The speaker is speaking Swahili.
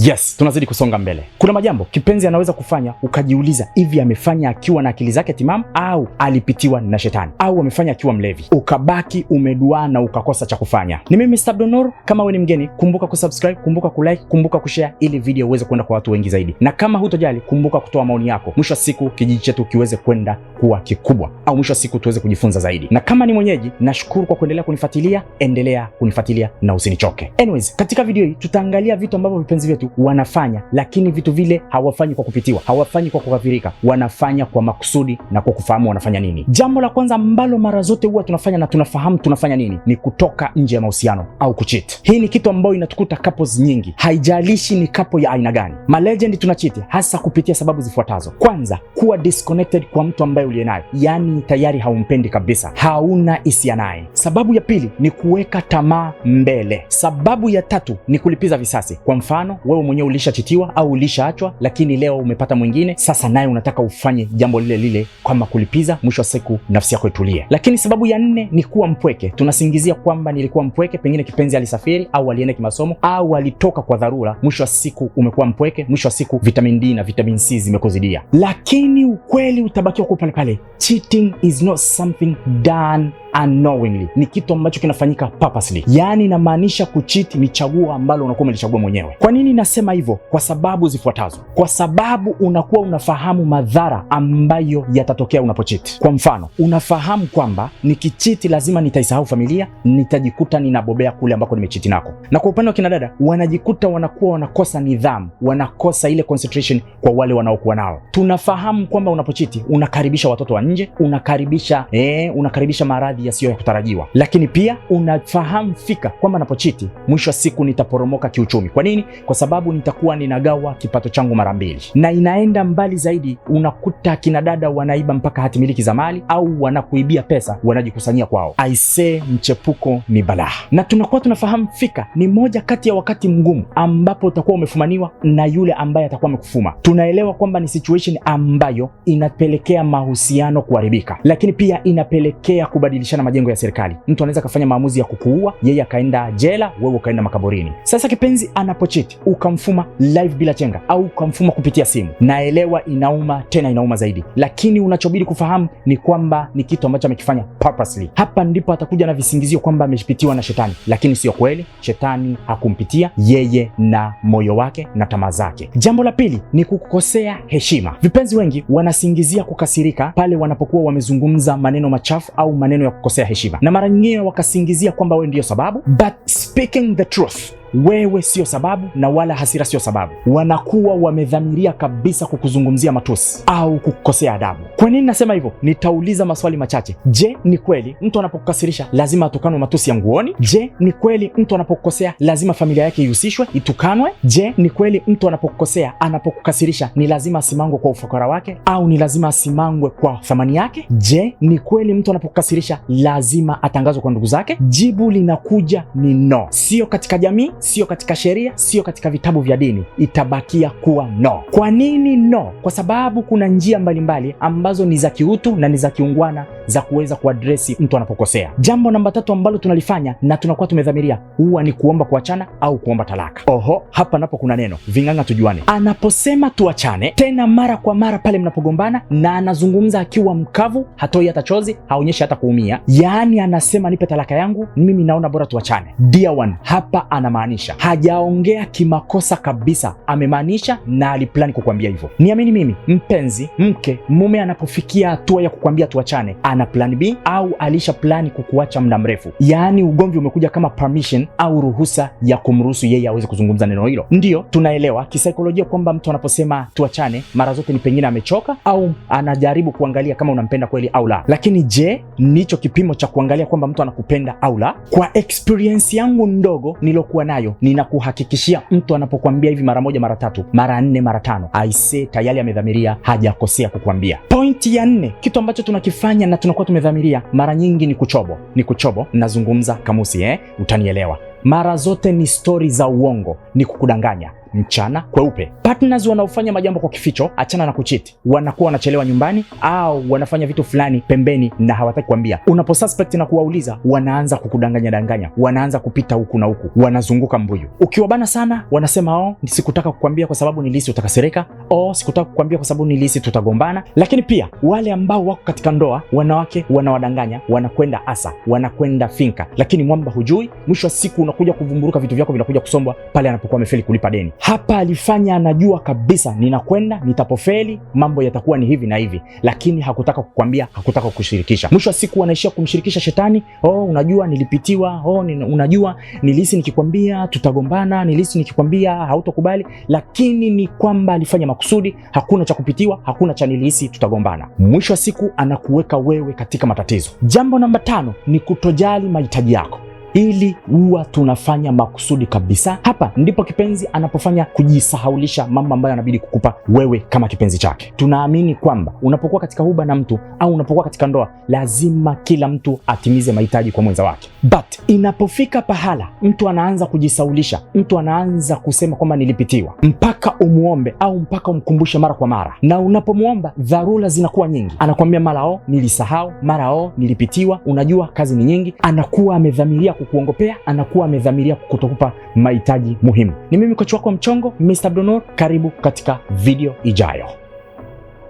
Yes, tunazidi kusonga mbele. Kuna majambo kipenzi anaweza kufanya ukajiuliza, hivi amefanya akiwa na akili zake timamu au alipitiwa na shetani au amefanya akiwa mlevi, ukabaki umeduaa na ukakosa cha kufanya. Ni mimi Mr. Abdunnoor. Kama wewe ni mgeni, kumbuka kusubscribe, kumbuka kulike, kumbuka kushare ili video iweze kwenda kwa watu wengi zaidi, na kama hutojali, kumbuka kutoa maoni yako. Mwisho wa siku kijiji chetu kiweze kwenda kuwa kikubwa, au mwisho wa siku tuweze kujifunza zaidi. Na kama ni mwenyeji, nashukuru kwa kuendelea kunifuatilia, endelea kunifuatilia na usinichoke. Anyways, katika video hii tutaangalia vitu ambavyo vipenzi vyetu wanafanya, lakini vitu vile hawafanyi kwa kupitiwa, hawafanyi kwa kukafirika, wanafanya kwa makusudi na kwa kufahamu wanafanya nini. Jambo la kwanza ambalo mara zote huwa tunafanya na tunafahamu tunafanya nini ni kutoka nje ya mahusiano au kuchit. Hii ni kitu ambayo inatukuta couples nyingi, haijalishi ni couple ya aina gani. Malegend tunachiti hasa kupitia sababu zifuatazo. Kwanza, kuwa disconnected kwa mtu ambaye uliye naye, yaani tayari haumpendi kabisa, hauna hisia naye. Sababu ya pili ni kuweka tamaa mbele. Sababu ya tatu ni kulipiza visasi. Kwa mfano we wewe mwenyewe ulishachitiwa au ulishaachwa, lakini leo umepata mwingine, sasa naye unataka ufanye jambo lile lile kama kulipiza. Mwisho wa siku nafsi yako itulie. Lakini sababu ya nne ni kuwa mpweke. Tunasingizia kwamba nilikuwa mpweke, pengine kipenzi alisafiri au alienda kimasomo au alitoka kwa dharura. Mwisho wa siku umekuwa mpweke, mwisho wa siku vitamin D na vitamin C zimekuzidia, lakini ukweli utabakiwa kuwa pale pale. Cheating is not something done unknowingly, ni kitu ambacho kinafanyika purposely. Yaani inamaanisha kuchiti ni chaguo ambalo unakuwa umelichagua mwenyewe. Kwa nini nasema hivyo? Kwa sababu zifuatazo. Kwa sababu unakuwa unafahamu madhara ambayo yatatokea unapochiti. Kwa mfano, unafahamu kwamba nikichiti lazima nitaisahau familia, nitajikuta ninabobea kule ambako nimechiti nako. Na kwa upande wa kina dada, wanajikuta wanakuwa wanakosa nidhamu, wanakosa ile concentration kwa wale wanaokuwa nao. Tunafahamu kwamba unapochiti unakaribisha watoto wa nje, unakaribisha eh, unakaribisha maradhi yasiyo ya kutarajiwa, lakini pia unafahamu fika kwamba napochiti, mwisho wa siku nitaporomoka kiuchumi. Kwa nini? Kwa sababu nitakuwa ninagawa kipato changu mara mbili, na inaenda mbali zaidi. Unakuta kina dada wanaiba mpaka hatimiliki za mali au wanakuibia pesa, wanajikusanyia kwao. Aise, mchepuko ni balaa, na tunakuwa tunafahamu fika ni moja kati ya wakati mgumu ambapo utakuwa umefumaniwa na yule ambaye atakuwa amekufuma. Tunaelewa kwamba ni situation ambayo inapelekea mahusiano kuharibika, lakini pia inapelekea kubadilisha kubadilishana majengo ya serikali. Mtu anaweza akafanya maamuzi ya kukuua, yeye akaenda jela, wewe ukaenda makaburini. Sasa kipenzi, anapochiti ukamfuma live bila chenga au ukamfuma kupitia simu, naelewa inauma, tena inauma zaidi, lakini unachobidi kufahamu ni kwamba ni kitu ambacho amekifanya purposely. Hapa ndipo atakuja na visingizio kwamba amepitiwa na shetani, lakini sio kweli. Shetani hakumpitia yeye, na moyo wake na tamaa zake. Jambo la pili ni kukosea heshima. Vipenzi wengi wanasingizia kukasirika pale wanapokuwa wamezungumza maneno machafu au maneno ya kukosea heshima, na mara nyingine wakasingizia kwamba wewe ndio sababu, but speaking the truth wewe sio sababu na wala hasira sio sababu. Wanakuwa wamedhamiria kabisa kukuzungumzia matusi au kukukosea adabu. Kwa nini nasema hivyo? Nitauliza maswali machache. Je, ni kweli mtu anapokukasirisha lazima atukanwe matusi ya nguoni? Je, ni kweli mtu anapokukosea lazima familia yake ihusishwe itukanwe? Je, ni kweli mtu anapokukosea, anapokukasirisha ni lazima asimangwe kwa ufukara wake au ni lazima asimangwe kwa thamani yake? Je, ni kweli mtu anapokukasirisha lazima atangazwe kwa ndugu zake? Jibu linakuja ni no, sio katika jamii sio katika sheria, sio katika vitabu vya dini, itabakia kuwa no. Kwa nini no? Kwa sababu kuna njia mbalimbali mbali ambazo ni za kiutu na ni za kiungwana za kuweza kuadresi mtu anapokosea. Jambo namba tatu ambalo tunalifanya na tunakuwa tumedhamiria huwa ni kuomba kuachana au kuomba talaka. Oho, hapa napo kuna neno ving'ang'a tujuane. Anaposema tuachane tena mara kwa mara pale mnapogombana, na anazungumza akiwa mkavu, hatoi hata chozi, haonyeshi hata kuumia, yaani anasema nipe talaka yangu, mimi naona bora tuachane. Dear one, hapa ana amemaanisha, hajaongea kimakosa kabisa, amemaanisha na aliplani kukwambia hivyo. Niamini mimi, mpenzi, mke, mume anapofikia hatua ya kukwambia tuachane, ana plan B au alisha plani kukuacha muda mrefu, yaani ugomvi umekuja kama permission au ruhusa ya kumruhusu yeye aweze kuzungumza neno hilo. Ndiyo tunaelewa kisaikolojia kwamba mtu anaposema tuachane, mara zote ni pengine amechoka au anajaribu kuangalia kama unampenda kweli au la. Lakini je, nicho kipimo cha kuangalia kwamba mtu anakupenda au la? Kwa experience yangu ndogo nilokuwa nayo nayo, ninakuhakikishia mtu anapokuambia hivi mara moja, mara tatu, mara nne, mara tano, aisee, tayari amedhamiria, hajakosea kukuambia. Pointi ya nne, kitu ambacho tunakifanya na tunakuwa tumedhamiria mara nyingi ni kuchobo, ni kuchobo. Nazungumza kamusi eh? Utanielewa. Mara zote ni stori za uongo, ni kukudanganya mchana kweupe. Partners wanaofanya majambo kwa kificho, achana na kuchiti, wanakuwa wanachelewa nyumbani au wanafanya vitu fulani pembeni na hawataki kuambia. Unaposuspect na kuwauliza, wanaanza kukudanganya danganya, wanaanza kupita huku na huku, wanazunguka mbuyu. Ukiwabana sana, wanasema oh, sikutaka kukwambia kwa sababu nilihisi utakasirika, oh, sikutaka kukwambia kwa sababu nilihisi tutagombana. Lakini pia wale ambao wako katika ndoa, wanawake wanawadanganya, wanakwenda asa, wanakwenda finka, lakini mwamba hujui. Mwisho wa siku unakuja kuvumburuka, vitu vyako vinakuja kusombwa pale anapokuwa amefeli kulipa deni. Hapa alifanya anajua kabisa ninakwenda, nitapofeli mambo yatakuwa ni hivi na hivi, lakini hakutaka kukwambia, hakutaka kukushirikisha. Mwisho wa siku anaishia kumshirikisha shetani. Oh, unajua nilipitiwa. Oh, unajua nilihisi nikikwambia tutagombana, nilihisi nikikwambia hautokubali. Lakini ni kwamba alifanya makusudi. Hakuna cha kupitiwa, hakuna cha nilihisi tutagombana. Mwisho wa siku anakuweka wewe katika matatizo. Jambo namba tano ni kutojali mahitaji yako ili huwa tunafanya makusudi kabisa. Hapa ndipo kipenzi anapofanya kujisahaulisha mambo ambayo anabidi kukupa wewe kama kipenzi chake. Tunaamini kwamba unapokuwa katika huba na mtu au unapokuwa katika ndoa, lazima kila mtu atimize mahitaji kwa mwenza wake, but inapofika pahala mtu anaanza kujisaulisha, mtu anaanza kusema kwamba nilipitiwa, mpaka umuombe au mpaka umkumbushe mara kwa mara, na unapomwomba dharura zinakuwa nyingi, anakuambia mara o, nilisahau, mara o, nilipitiwa, unajua kazi ni nyingi, anakuwa amedhamiria kukuongopea anakuwa amedhamiria kutokupa mahitaji muhimu. Ni mimi kocha wako Mchongo, Mr. Donor, Karibu katika video ijayo.